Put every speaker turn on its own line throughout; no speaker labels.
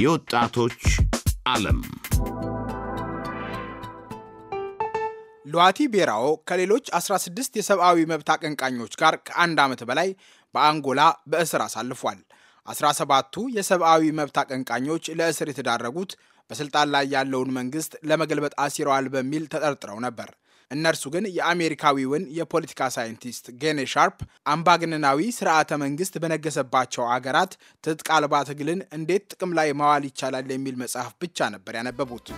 የወጣቶች ዓለም
ሉዋቲ ቤራኦ ከሌሎች 16 የሰብአዊ መብት አቀንቃኞች ጋር ከአንድ ዓመት በላይ በአንጎላ በእስር አሳልፏል። 17ቱ የሰብአዊ መብት አቀንቃኞች ለእስር የተዳረጉት በስልጣን ላይ ያለውን መንግስት ለመገልበጥ አሲረዋል በሚል ተጠርጥረው ነበር። እነርሱ ግን የአሜሪካዊውን የፖለቲካ ሳይንቲስት ጌኔ ሻርፕ አምባገነናዊ ስርዓተ መንግስት በነገሰባቸው አገራት ትጥቅ አልባ ትግልን እንዴት ጥቅም ላይ ማዋል ይቻላል የሚል መጽሐፍ ብቻ ነበር ያነበቡት።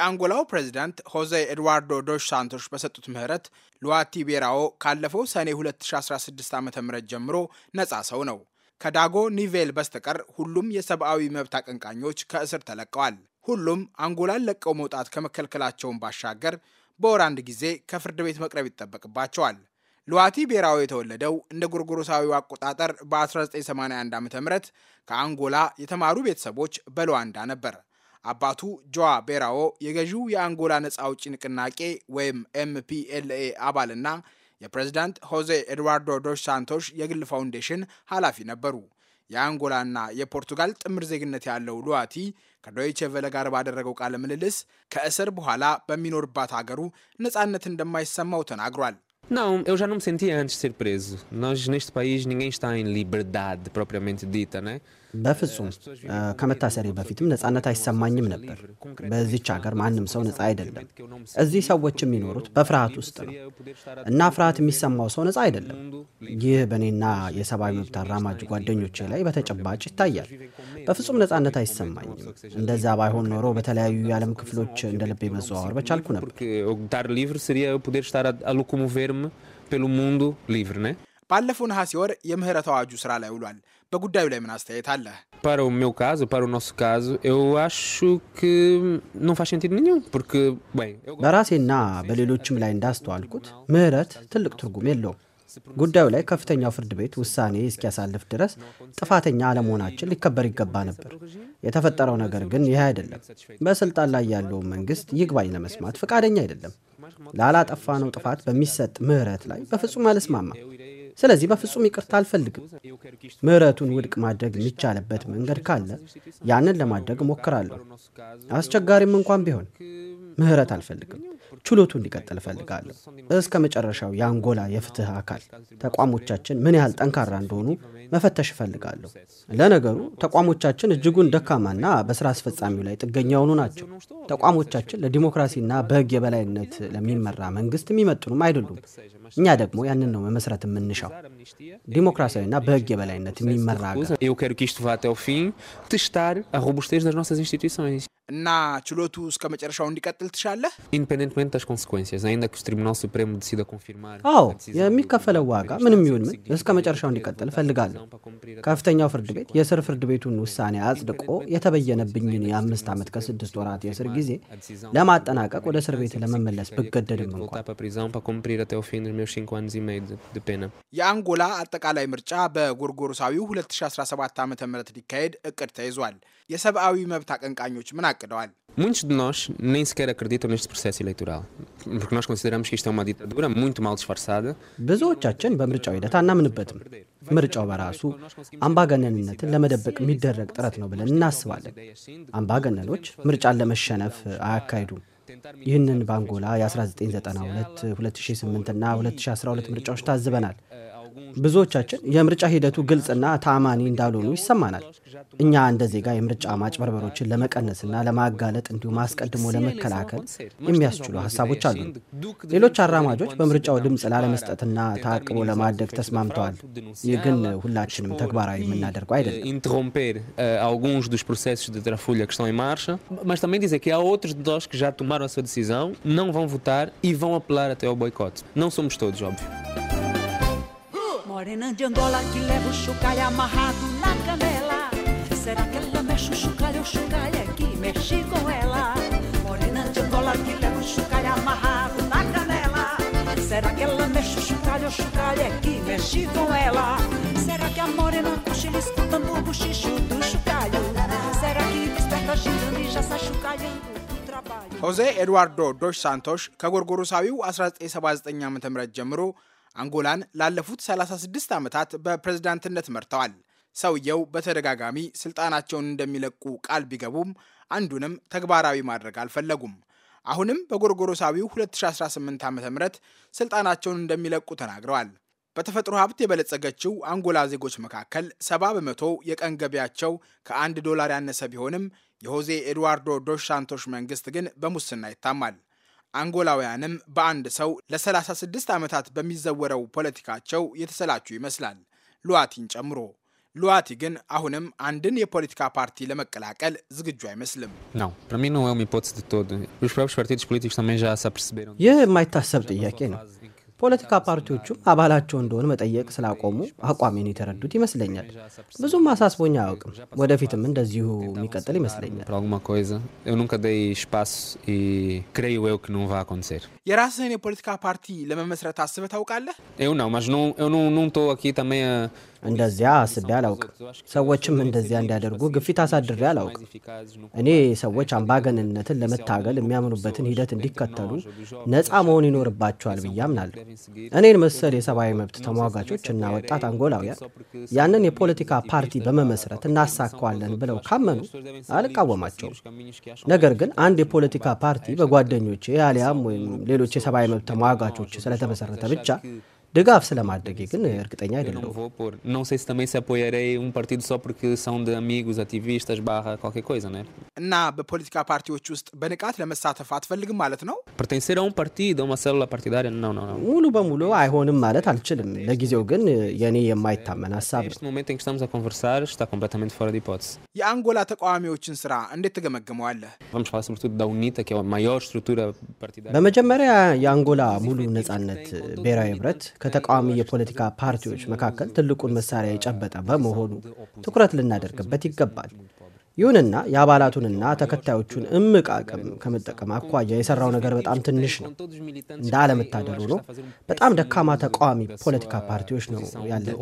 የአንጎላው ፕሬዚዳንት ሆዜ ኤድዋርዶ ዶሽ ሳንቶሽ በሰጡት ምህረት ሉዋቲ ቤራኦ ካለፈው ሰኔ 2016 ዓ ም ጀምሮ ነፃ ሰው ነው። ከዳጎ ኒቬል በስተቀር ሁሉም የሰብአዊ መብት አቀንቃኞች ከእስር ተለቀዋል። ሁሉም አንጎላን ለቀው መውጣት ከመከልከላቸውን ባሻገር በወር አንድ ጊዜ ከፍርድ ቤት መቅረብ ይጠበቅባቸዋል። ሉዋቲ ቤራኦ የተወለደው እንደ ጎርጎሮሳዊው አቆጣጠር በ1981 ዓ ም ከአንጎላ የተማሩ ቤተሰቦች በሉዋንዳ ነበር። አባቱ ጆዋ ቤራዎ የገዢው የአንጎላ ነፃ አውጪ ንቅናቄ ወይም ኤምፒኤልኤ አባልና የፕሬዚዳንት ሆዜ ኤድዋርዶ ዶስ ሳንቶሽ የግል ፋውንዴሽን ኃላፊ ነበሩ። የአንጎላና የፖርቱጋል ጥምር ዜግነት ያለው ሉዋቲ ከዶይቼ ቬለ ጋር ባደረገው ቃለ ምልልስ ከእስር በኋላ በሚኖርባት አገሩ ነፃነት እንደማይሰማው ተናግሯል።
Não, eu já não me sentia antes de ser preso. Nós, neste país, ninguém está em liberdade propriamente dita, né?
በፍጹም ከመታሰሪ በፊትም ነጻነት አይሰማኝም ነበር። በዚች ሀገር ማንም ሰው ነጻ አይደለም። እዚህ ሰዎች የሚኖሩት በፍርሃት ውስጥ ነው እና ፍርሃት የሚሰማው ሰው ነጻ አይደለም። ይህ በእኔና የሰብአዊ መብት አራማጅ ጓደኞቼ ላይ በተጨባጭ ይታያል። በፍጹም ነጻነት አይሰማኝም። እንደዛ ባይሆን ኖሮ በተለያዩ የዓለም ክፍሎች እንደ ልቤ መዘዋወር በቻልኩ ነበር።
ባለፈው ነሐሴ ወር የምህረት አዋጁ ስራ ላይ ውሏል። በጉዳዩ ላይ ምን አስተያየት አለ?
ፓሮ o ካዝ ፓሮ ኖስ ካዝ ኤዋሹ caso, eu acho que não
በራሴና በሌሎችም ላይ እንዳስተዋልኩት ምህረት ትልቅ ትርጉም የለውም። ጉዳዩ ላይ ከፍተኛው ፍርድ ቤት ውሳኔ እስኪያሳልፍ ድረስ ጥፋተኛ አለመሆናችን ሊከበር ይገባ ነበር። የተፈጠረው ነገር ግን ይህ አይደለም። በስልጣን ላይ ያለው መንግስት ይግባኝ ለመስማት ፈቃደኛ አይደለም። ላላጠፋ ነው ጥፋት በሚሰጥ ምህረት ላይ በፍጹም አልስማማም። ስለዚህ በፍጹም ይቅርታ አልፈልግም። ምህረቱን ውድቅ ማድረግ የሚቻልበት መንገድ ካለ ያንን ለማድረግ እሞክራለሁ፣ አስቸጋሪም እንኳን ቢሆን። ምህረት አልፈልግም። ችሎቱ እንዲቀጥል እፈልጋለሁ። እስከ መጨረሻው የአንጎላ የፍትህ አካል ተቋሞቻችን ምን ያህል ጠንካራ እንደሆኑ መፈተሽ እፈልጋለሁ። ለነገሩ ተቋሞቻችን እጅጉን ደካማና በስራ አስፈጻሚው ላይ ጥገኛ የሆኑ ናቸው። ተቋሞቻችን ለዲሞክራሲና በህግ የበላይነት ለሚመራ መንግስት የሚመጥኑም አይደሉም። እኛ ደግሞ ያንን ነው መመስረት የምንሻው፣ ዲሞክራሲያዊና በህግ የበላይነት የሚመራ
እና ችሎቱ እስከ መጨረሻው እንዲቀጥል ትሻለህ? አዎ
የሚከፈለው ዋጋ ምንም ይሁን ምን እስከ መጨረሻው እንዲቀጥል እፈልጋለሁ። ከፍተኛው ፍርድ ቤት የስር ፍርድ ቤቱን ውሳኔ አጽድቆ የተበየነብኝን የአምስት ዓመት ከስድስት ወራት የእስር
ጊዜ ለማጠናቀቅ
ወደ እስር ቤት ለመመለስ ብገደድም
እንኳን e
የአንጎላ አጠቃላይ ምርጫ በጎርጎሮሳዊው 2017 ዓ ም ሊካሄድ እቅድ ተይዟል። የሰብአዊ መብት አቀንቃኞች ምን አቅደዋል።
Muitos de nós nem sequer acreditam neste processo eleitoral, porque nós consideramos que isto é uma ditadura muito mal disfarçada.
ብዙዎቻችን በምርጫው ሂደት አናምንበትም። ምርጫው በራሱ አምባገነንነትን ለመደበቅ የሚደረግ ጥረት ነው ብለን እናስባለን። አምባገነኖች ምርጫን ለመሸነፍ አያካሂዱም። ይህንን በአንጎላ የ1992፣ 2008 እና 2012 ምርጫዎች ታዝበናል። ብዙዎቻችን የምርጫ ሂደቱ ግልጽና ታማኒ እንዳልሆኑ ይሰማናል። እኛ እንደ ዜጋ የምርጫ ማጭበርበሮችን ለመቀነስና ለማጋለጥ እንዲሁም አስቀድሞ ለመከላከል የሚያስችሉ ሀሳቦች አሉ። ሌሎች አራማጆች በምርጫው ድምፅ ላለመስጠትና ተአቅቦ ለማደግ ተስማምተዋል። ይህ ግን ሁላችንም ተግባራዊ የምናደርገው
አይደለም። Mas também dizer que há outros de nós que já tomaram a sua decisão, não vão votar e vão apelar até ao boicote. Não somos todos, óbvio.
morena de Angola que leva o chocalho amarrado na canela. Será que ela mexe o chocalho? O chocalho é que mexe com ela. Morena de Angola que leva o chocalho amarrado na canela. Será que ela mexe o chocalho? O chocalho é que mexe com ela. Será que a morena cochila escutando o bochicho do chocalho? Será que desperta girando e já sai chocalhando?
ሆዜ ኤድዋርዶ ዶሽ ሳንቶሽ ከጎርጎሮሳዊው 1979 ዓ ም ጀምሮ አንጎላን ላለፉት 36 ዓመታት በፕሬዝዳንትነት መርተዋል። ሰውየው በተደጋጋሚ ስልጣናቸውን እንደሚለቁ ቃል ቢገቡም አንዱንም ተግባራዊ ማድረግ አልፈለጉም። አሁንም በጎርጎሮሳዊው 2018 ዓ ም ስልጣናቸውን እንደሚለቁ ተናግረዋል። በተፈጥሮ ሀብት የበለጸገችው አንጎላ ዜጎች መካከል ሰባ በመቶ የቀን ገቢያቸው ከአንድ ዶላር ያነሰ ቢሆንም የሆዜ ኤድዋርዶ ዶሽ ሳንቶሽ መንግስት ግን በሙስና ይታማል። አንጎላውያንም በአንድ ሰው ለ36 ዓመታት በሚዘወረው ፖለቲካቸው የተሰላቹ ይመስላል፣ ሉዋቲን ጨምሮ። ሉዋቲ ግን አሁንም አንድን የፖለቲካ ፓርቲ ለመቀላቀል ዝግጁ አይመስልም።
ይህ የማይታሰብ ጥያቄ ነው። ፖለቲካ ፓርቲዎቹም አባላቸው እንደሆን መጠየቅ ስላቆሙ አቋሜን የተረዱት ይመስለኛል። ብዙም አሳስቦኝ አያውቅም። ወደፊትም እንደዚሁ የሚቀጥል ይመስለኛል።
የራስህን የፖለቲካ ፓርቲ ለመመስረት አስበህ ታውቃለህ?
እንደዚያ አስቤ አላውቅም።
ሰዎችም እንደዚያ እንዲያደርጉ ግፊት አሳድሬ አላውቅም። እኔ ሰዎች አምባገነንነትን ለመታገል የሚያምኑበትን ሂደት እንዲከተሉ ነፃ መሆን ይኖርባቸዋል ብዬ አምናለሁ። እኔን መሰል የሰብአዊ መብት ተሟጋቾች እና ወጣት አንጎላውያን ያንን የፖለቲካ ፓርቲ በመመስረት እናሳካዋለን ብለው ካመኑ አልቃወማቸውም። ነገር ግን አንድ የፖለቲካ ፓርቲ በጓደኞቼ አሊያም ወይም ሌሎች የሰብአዊ መብት ተሟጋቾች ስለተመሰረተ ብቻ ድጋፍ ስለማድረጌ ግን እርግጠኛ አይደለም።
um
እና በፖለቲካ ፓርቲዎች ውስጥ በንቃት ለመሳተፍ አትፈልግም ማለት ነው?
Um
ሙሉ በሙሉ
አይሆንም ማለት አልችልም። ለጊዜው ግን የኔ የማይታመን ሀሳብ
ነው። የአንጎላ ተቃዋሚዎችን ስራ እንዴት ትገመግመዋለህ?
በመጀመሪያ የአንጎላ ሙሉ ነጻነት ብሔራዊ ህብረት ከተቃዋሚ የፖለቲካ ፓርቲዎች መካከል ትልቁን መሳሪያ የጨበጠ በመሆኑ ትኩረት ልናደርግበት ይገባል። ይሁንና የአባላቱንና ተከታዮቹን እምቅ አቅም ከመጠቀም አኳያ የሰራው ነገር በጣም ትንሽ ነው። እንደ አለመታደል ነው። በጣም ደካማ ተቃዋሚ ፖለቲካ ፓርቲዎች ነው ያለን።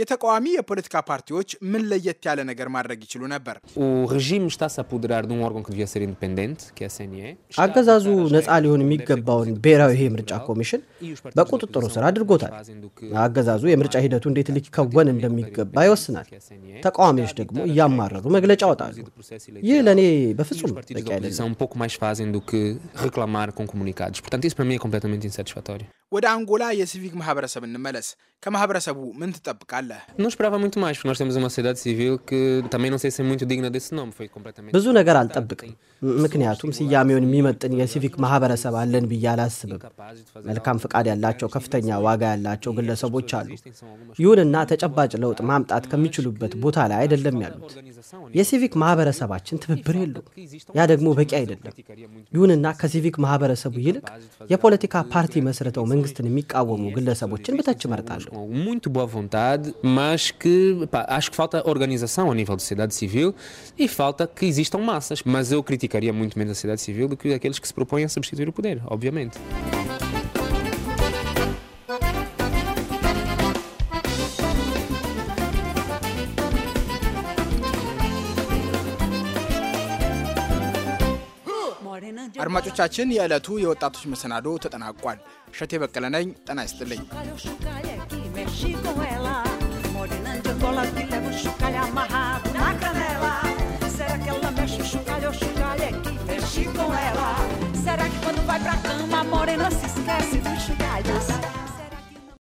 የተቃዋሚ የፖለቲካ ፓርቲዎች ምን ለየት ያለ ነገር ማድረግ ይችሉ ነበር?
አገዛዙ ነፃ ሊሆን የሚገባውን ብሔራዊ ይሄ የምርጫ ኮሚሽን በቁጥጥሩ ስር አድርጎታል። አገዛዙ የምርጫ ሂደቱ እንዴት ሊከወን እንደሚገባ ይወስናል። ተቃዋሚዎች ደግሞ እያማረሩ መግለጫ ወጣሉ።
ይህ ለእኔ በፍጹም በቂ አይደለም። ወደ አንጎላ የሲቪክ ማህበረሰብ እንመለስ። ከማህበረሰቡ ምን ትጠብቃለህ?
ብዙ ነገር አልጠብቅም፣
ምክንያቱም ስያሜውን የሚመጥን የሲቪክ ማህበረሰብ አለን ብዬ አላስብም። መልካም ፍቃድ ያላቸው ከፍተኛ ዋጋ ያላቸው ግለሰቦች አሉ። ይሁንና ተጨባጭ ለውጥ ማምጣት ከሚችሉበት ቦታ ላይ አይደለም ያሉት። የሲቪክ ማህበረሰባችን ትብብር የለውም። ያ ደግሞ በቂ አይደለም። ይሁንና ከሲቪክ ማህበረሰቡ ይልቅ የፖለቲካ ፓርቲ መስርተው መንግስትን የሚቃወሙ ግለሰቦችን በታች እመርጣለሁ። Muito
boa vontade, mas que acho que falta organização a nível da sociedade civil e falta que existam massas. Mas eu criticaria muito menos a sociedade civil do que aqueles que se propõem a substituir o poder, obviamente.
አድማጮቻችን የዕለቱ የወጣቶች መሰናዶ ተጠናቋል ሸቴ በቀለነኝ ጠና ይስጥልኝ
Será que quando vai pra cama a morena se esquece dos chugalhos?